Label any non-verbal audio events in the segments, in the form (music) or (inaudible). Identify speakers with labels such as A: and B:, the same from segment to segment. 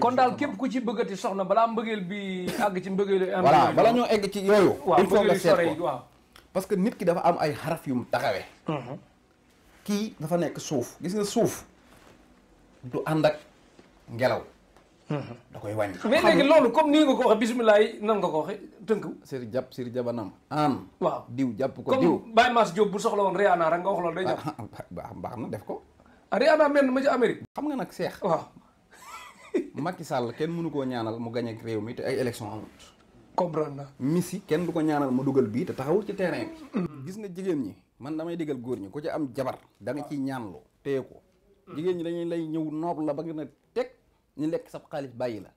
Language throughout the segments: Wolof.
A: kon daal képp ku ci bëggati soxna balaa mbëggeel bi àgg ci mbëggeelu. voilà bala ñoo egg ci yooyu. il faut nga seet ko waaw
B: parce que nit ki dafa am ay xaraf yu mu taxawee. Mhm. kii dafa nekk suuf gis nga suuf du ànd ak ngelaw. Mhm. da koy wàññi. mais léegi loolu
A: comme nii nga ko waxee bisimilah yi nan nga ko waxee tënk. jàpp sir jabanam aan waaw diw jàpp ko diw comme Baye Mass bu soxla woon Rihanna rek nga wax loolu day jàpp.
B: (laughs) baax na def ko. ah Rihanna mel ma ci Amérique. xam nga nag seex. Macky Sall kenn mënu koo ñaanal mu gañ ak réew mi te ay élection amut. comprendre na Messi kenn du ko ñaanal mu dugal bii te taxawul ci terrain bi. Mm. gis nga jigéen ñi man damay digal góor ñi ku ci am jabar da nga ciy ñaanlu téye mm. jigéen ñi dañuy lay ñëw noob la ba nga ne teg ñu lekk sab xaalis bàyyi la.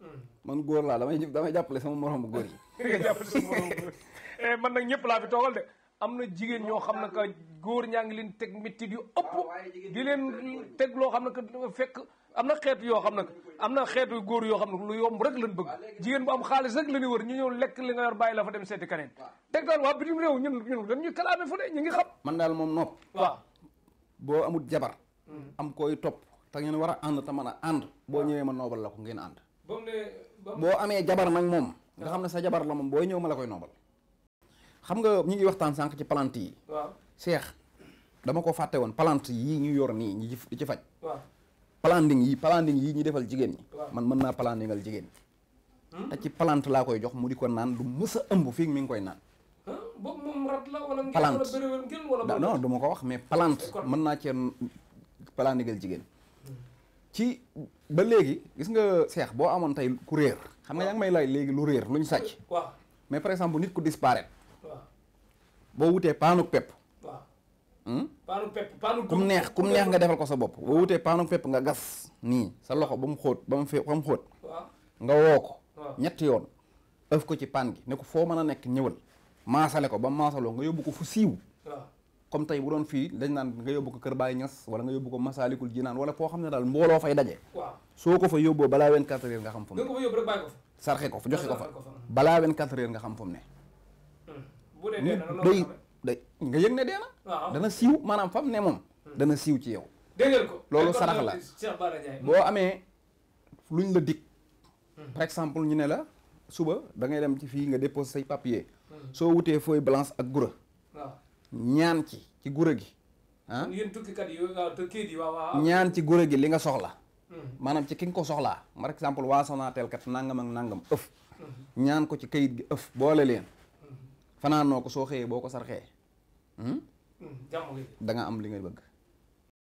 B: Mm. man góor laa damay damay jàppale sama moromu góor yi.
A: nga (laughs) eh, man nag ñëpp laa fi toogal de. am na jigéen ñoo xam na que góor ñaa ngi leen teg métit yu ëpp
B: ah, di leen
A: teg loo xam ne que fekk am na xeetu yoo xam ne que am na xeetu góor yoo xam ne lu yomb rek lañ bëgg jigéen bu am xaalis rek la ñuy ñu ñëw lekk li nga yor bàyyi la fa dem seeti kaneen teg daal waa bitim réew ñun ñun dañuy kalaame fu ne
B: man moom nopp waaw boo amul jabar hmm. am koy topp te ngeen war a ànd te mën a ànd boo ñëwee ma noobal la ko ngeen ànd
A: boo amee jabar
B: nag moom nga xam ne sa jabar la moom boo ñëw ma la koy noobal xam nga ñu ngi waxtaan sànq ci plante yi.
A: waaw
B: dama ko fàtte woon plante yi ñu yor nii ñu di ci faj. waaw planting yi planting ñu defal jigéen ñi. man mën naa plantingal jigéen ñi. Hmm? ci plante laa koy jox mu di ko naan du mës fii mi ngi koy naan.
A: boobu moom rat la wala. plante wala non
B: du ma ko wax mais plante. mën naa cee plantingal jigéen. Hmm. ci ba léegi gis nga Cheikh boo amoon tey ku réer. xam nga yaa ngi may lay léegi lu réer luñ sàcc. waaw mais par exemple nit ku disparaître. boo wutee paanuk pepp. Hmm?
A: paanuk pepp paanuk. kum neex
B: kum neex nga defal ko sa bopp boo wutee paanuk pepp nga gas nii sa loxo ba mu xóot ba mu fee ba xóot. nga woo ko. ñetti yoon. ëf ko ci paan gi ne ko foo mën a nekk ñëwal. maasale ko ba maasaloo nga yóbbu ko fu siiw. comme tey bu doon fii dañ naan nga yóbbu ko Kër Baay Ñas wala nga yóbbu ko Masaalikul Jinaan wala foo xam ne daal mbooloo fay daje. soo ko fa yóbboo balaa 24 heures nga xam fu mu
A: ne.
B: sarxe ko fa joxe ko fa balaa 24 heures nga xam fu ne
A: bu dee dee na day
B: day nga yëg ne dee dana siiw maanaam fam ne moom. Hmm. dana siiw ci yow. dégg ko loolu sarax la boo amee luñ la dig. Hmm. par exemple ñu ne la suba da ngay dem ci fii nga déposé say papier. Hmm. soo wutee feuille blanche ak gura. ñaan ci ci gura gi. ah
A: yéen tukkikat yi ñaan ci
B: gura gi li nga soxla. maanaam ci ki nga ko soxlaa par exemple waa Sonatel kat nangam ak ëf. ñaan ko ci kayit gi ëf boole leen. fanaanoo ko soo xëyee boo ko sarxee. da hmm? hmm, nga am li ngay
A: bëgg.